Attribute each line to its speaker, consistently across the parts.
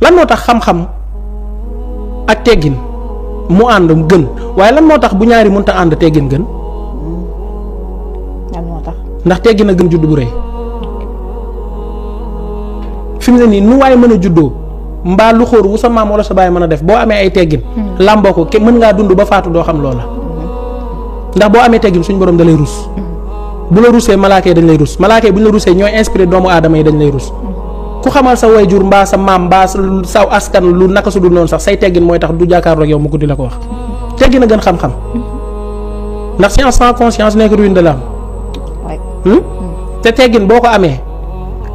Speaker 1: lan motax xam-xam ak teggin mu ànd gën waye lan motax bu ñaari munta and teggin gën lan motax ndax teggin na gën judd bu rëy fi ne nu way mën juddoo lu xóor wu sa mam wala sa baye mën def bo amé ay teggin hmm. lamboko ko mën nga dund ba faatu do xam loola hmm. ndax bo amé teggin suñu borom dalay rus hmm. bu la rusee malaaka dañ lay rus malaaka bu la rusee ñoy inspiré doomu adamay dañ lay rus ku xamal sa jur mbaa sa maam mbaa saw askan lu naka su dul noonu sax say teggin mooy tax du jàkkaarloo yow mu guddi la ko wax teggin a gën xam-xam ndax science sans conscience nekk ruine de l'âme hmm? Hmm. te teggin boo ko amee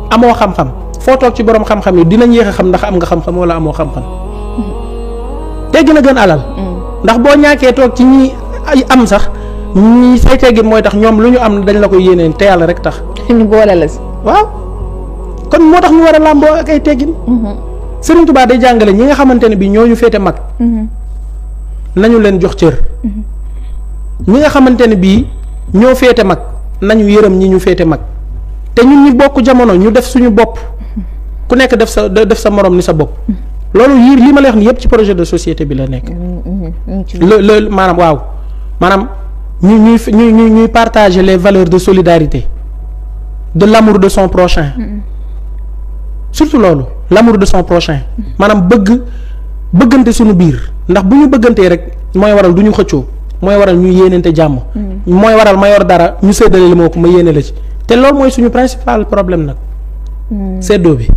Speaker 1: amoo xam-xam foo toog ci boroom xam-xam yi dinañ yéex a xam ndax am nga xam-xam wala amoo xam-xam hmm. teggin a gën alal ndax boo ñàkkee toog ci ñi am sax ñi say teggin mooy tax ñoom lu ñu am dañ la ko yéeneen te yàlla rek tax ñu boole la si waaw kon motax ñu wara a ak ay hmm Serigne Touba day ñi nga Nous bi gens mhm. nañu leen jox cër. Mhm. ñi nga Nous ne ño fété mak nañu les ñi ñu fété mak té ñun ñi jamono ñu def suñu ku nekk def sa def sa morom ni mhm. ni projet de société bi la nekk. le le manam nous manam les valeurs de solidarité de l'amour de son prochain. surtout loolu l'amour de son prochain maanaam bëgg bëggante suñu biir ndax bu ñu bëggantee rek mooy waral du ñu xëccoo mooy waral ñu yéeneente jàmm mm. mooy waral ma yor dara ñu séddale li moo ko ma yéene la ci te loolu mooy suñu principal problème nag mm. séddoo bi